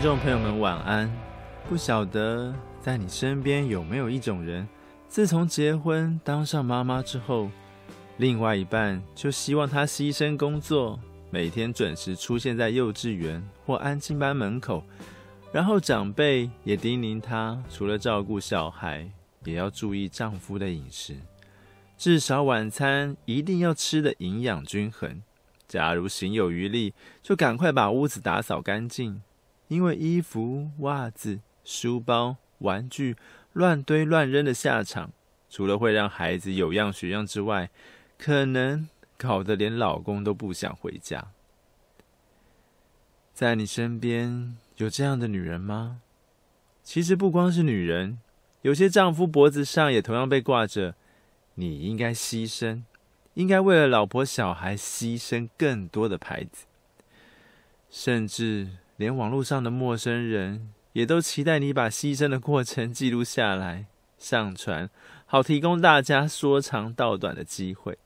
聽眾朋友們，晚安。不曉得在你身邊有沒有一種人，自從結婚當上媽媽之後，另外一半就希望她犧牲工作，每天準時出現在幼稚園或安親班門口。然後長輩也叮嚀她，除了照顧小孩，也要注意丈夫的飲食，至少晚餐一定要吃得營養均衡。假如行有餘力，就趕快把屋子打掃乾淨。因為衣服、襪子、書包、玩具亂堆亂扔的下場，除了會讓孩子有樣學樣之外，可能搞得連老公都不想回家。在你身邊有這樣的女人嗎？其實不光是女人，有些丈夫脖子上也同樣被掛着“你應該犧牲，應該為了老婆小孩犧牲更多的”牌子，甚至……連網絡上的陌生人也都期待你把犧牲的過程記錄下來、上傳，好提供大家說長道短的機會。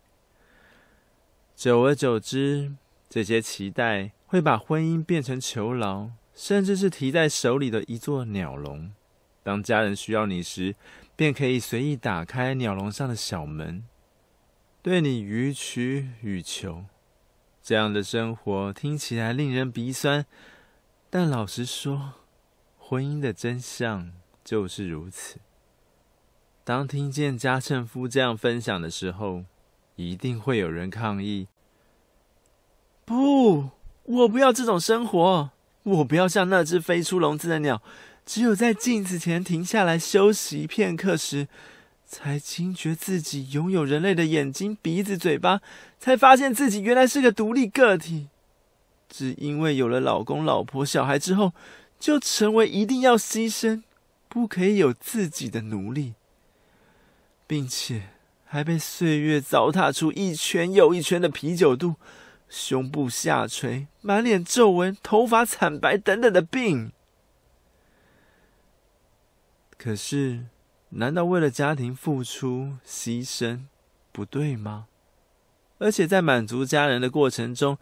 久而久之，這些期待會把婚姻變成囚牢，甚至是提在手裡的一座鳥籠。當家人需要你時，便可以隨意打開鳥籠上的小門，對你予取予求。這樣的生活聽起來令人鼻酸。但老實說，婚姻的真相就是如此。當聽見家政夫這樣分享的時候，一定會有人抗議：“不，我不要這種生活，我不要像那隻飛出籠子的鳥，只有在鏡子前停下來休息片刻時，才驚覺自己擁有人類的眼睛、鼻子、嘴巴，才發現自己原來是個獨立個體。”只因為有了老公、老婆、小孩之後，就成為一定要犧牲、不可以有自己的奴隸，並且還被歲月糟蹋出一圈又一圈的啤酒肚、胸部下垂、滿臉皺紋、頭髮慘白等等的病。可是，難道為了家庭付出犧牲不對嗎？而且在滿足家人的過程中。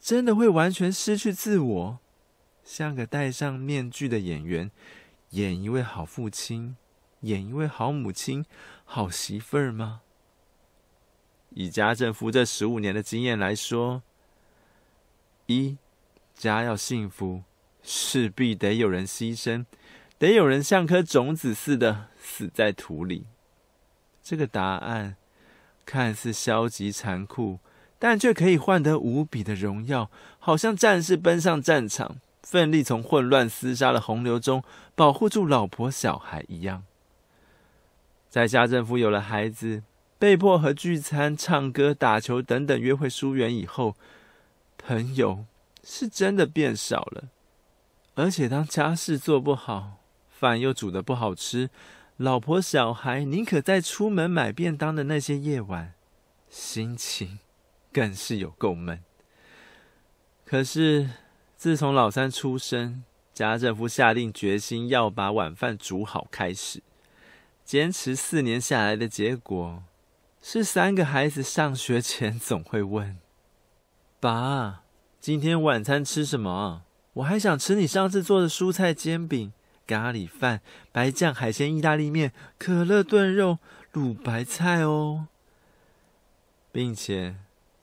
真的會完全失去自我，像個戴上面具的演員，演一位好父親，演一位好母親、好媳婦兒嗎？以家政夫這十五年的經驗來說，一家要幸福，勢必得有人犧牲，得有人像顆種子似的死在土裡。這個答案看似消極殘酷。但卻可以換得無比的榮耀，好像戰士奔上戰場，奮力從混亂廝殺的洪流中保護住老婆小孩一樣。在家政夫有了孩子，被迫和聚餐、唱歌、打球等等約會疏遠以後，朋友是真的變少了。而且當家事做不好，飯又煮得不好吃，老婆小孩寧可在出門買便當的那些夜晚，心情。更是有夠悶。可是，自從老三出生，家政夫下定決心要把晚飯煮好開始，堅持四年下來的結果，是三個孩子上學前總會問：“爸，今天晚餐吃什麼？”我還想吃你上次做的蔬菜煎餅、咖喱飯、白醬海鮮意大利麵、可樂燉肉、滷白菜哦，並且。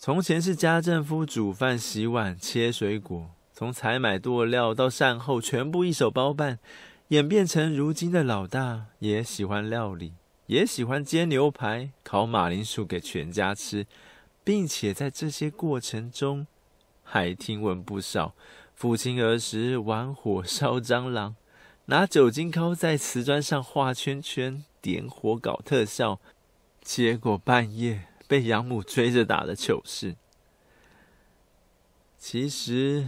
從前是家政夫煮飯、洗碗、切水果，從採買剁料到善後，全部一手包辦，演變成如今的老大也喜歡料理，也喜歡煎牛排、烤馬鈴薯給全家吃，並且在這些過程中還聽聞不少父親兒時玩火燒蟑螂，拿酒精膏在瓷磚上畫圈圈，點火搞特效，結果半夜。被養母追着打的糗事。其實，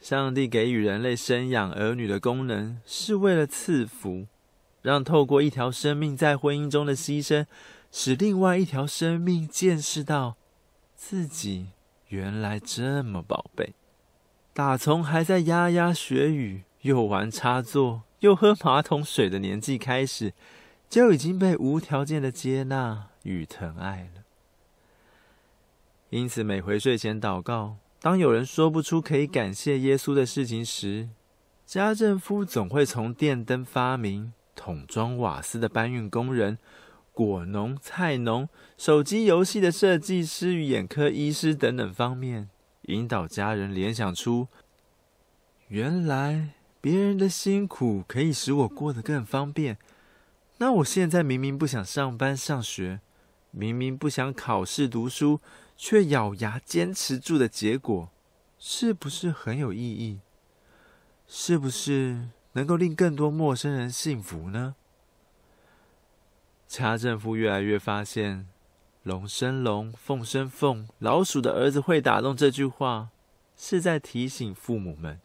上帝給予人類生養兒女的功能，是為了賜福，讓透過一條生命在婚姻中的犧牲，使另外一條生命見識到自己原來這麼寶貝。打從還在牙牙學語、又玩插座、又喝馬桶水的年紀開始，就已經被無條件的接納與疼愛了。因此，每回睡前禱告，當有人說不出可以感謝耶穌的事情時，家政夫總會從電燈發明、桶裝瓦斯的搬運工人、果農、菜農、手機遊戲的設計師與眼科醫師等等方面，引導家人聯想出：原來別人的辛苦可以使我過得更方便。那我現在明明不想上班上學，明明不想考試讀書，卻咬牙堅持住的結果，是不是很有意義？是不是能夠令更多陌生人幸福呢？家政婦越來越發現，龍生龍，鳳生鳳，老鼠的兒子會打洞這句話，是在提醒父母們，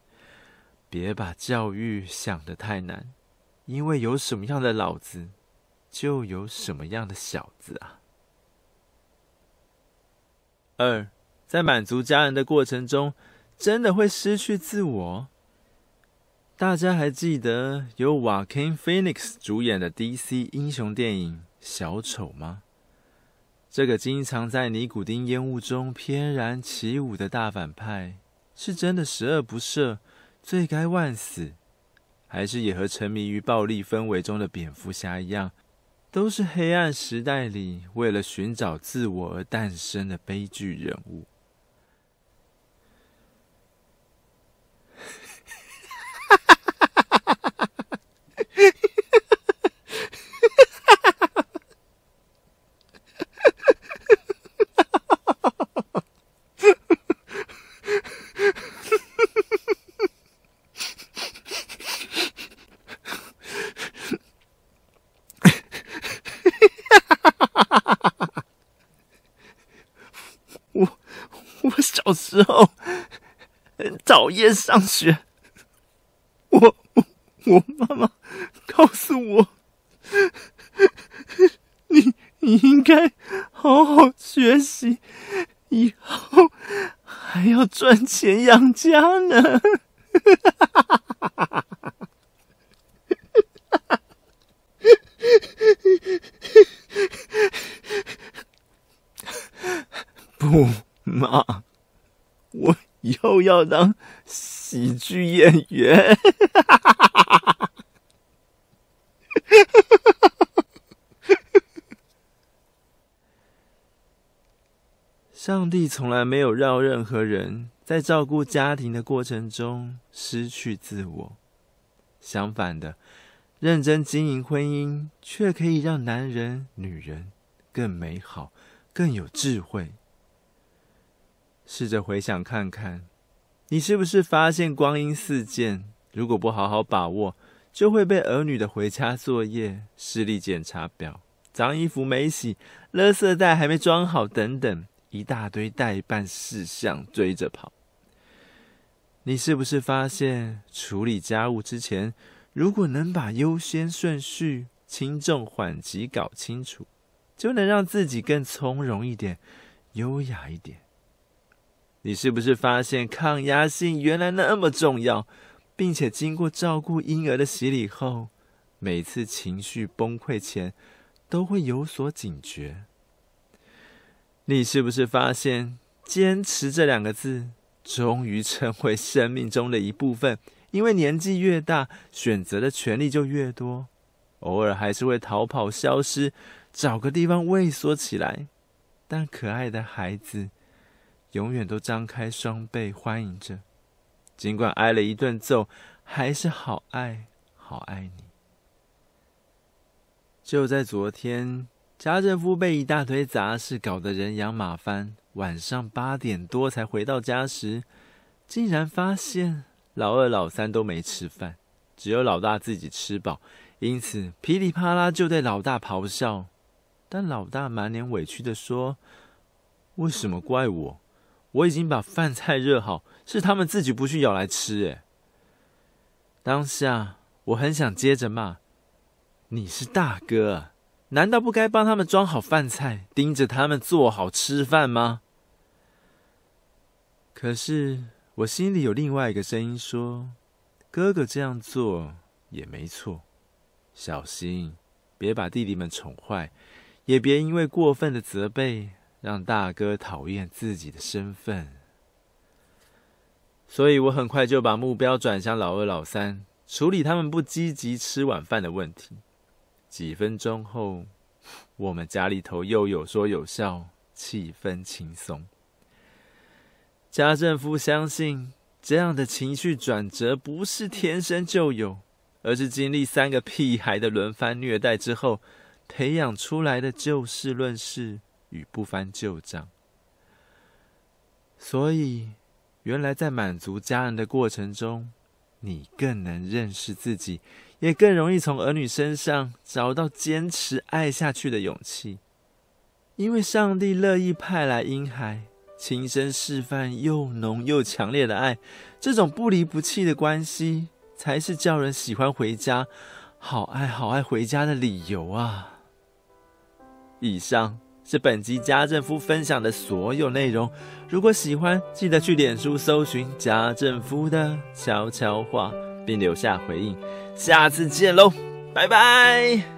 別把教育想得太難，因為有什麼樣的老子，就有什麼樣的小子啊。二，在滿足家人的過程中，真的會失去自我？大家還記得由瓦肯·菲尼克斯主演的 DC 英雄電影《小丑》嗎？這個經常在尼古丁煙霧中翩然起舞的大反派，是真的十惡不赦、罪該萬死，還是也和沉迷於暴力氛圍中的蝙蝠俠一樣？都是黑暗時代裡為了尋找自我而誕生的悲劇人物。之後，討厭上學，我我媽媽告訴我，你你應該好好學習，以後還要賺錢養家呢。不，媽。以後要當喜劇演員，哈哈哈哈哈哈！哈哈哈哈哈！哈哈哈哈哈！上帝從來沒有讓任何人在照顧家庭的過程中失去自我，相反的，認真經營婚姻卻可以讓男人、女人更美好、更有智慧。試着回想看看，你是不是發現光陰似箭，如果不好好把握，就會被兒女的回家作業、視力檢查表、髒衣服沒洗、垃圾袋還沒裝好等等一大堆待辦事項追着跑？你是不是發現處理家務之前，如果能把優先順序、輕重緩急搞清楚，就能讓自己更從容一點、優雅一點？你是不是發現抗壓性原來那麼重要，並且經過照顧嬰兒的洗禮後，每次情緒崩潰前都會有所警覺？你是不是發現“堅持”這兩個字終於成為生命中的一部分？因為年紀越大，選擇的權利就越多，偶爾還是會逃跑、消失，找個地方畏縮起來。但可愛的孩子。永遠都張開雙臂歡迎着，儘管挨了一頓揍，還是好愛好愛你。就在昨天，家政夫被一大堆雜事搞得人仰馬翻，晚上八點多才回到家時，竟然發現老二、老三都沒吃飯，只有老大自己吃飽，因此噼里啪啦就對老大咆哮。但老大滿臉委屈地說：“為什麼怪我？”我已經把飯菜熱好，是他們自己不去舀來吃哎。當下我很想接着罵，你是大哥，難道不該幫他們裝好飯菜，盯着他們做好吃飯嗎？可是我心裡有另外一個聲音說，哥哥這樣做也沒錯，小心別把弟弟們寵壞，也別因為過分的責備，讓大哥討厭自己的身份，所以我很快就把目標轉向老二、老三，處理他們不積極吃晚飯的問題。幾分鐘後，我們家裡頭又有說有笑，氣氛輕鬆。家政夫相信，這樣的情緒轉折不是天生就有，而是經歷三個屁孩的輪番虐待之後培養出來的就事論事與不翻舊賬，所以原來在滿足家人的過程中，你更能認識自己，也更容易從兒女身上找到堅持愛下去的勇氣。因為上帝樂意派來嬰孩，親身示範又濃又強烈的愛，這種不離不棄的關係，才是叫人喜歡回家、好愛好愛回家的理由啊！以上。是本集家政夫分享的所有內容。如果喜歡，記得去臉書搜尋家政夫的悄悄話，並留下回應。下次見嘍，拜拜。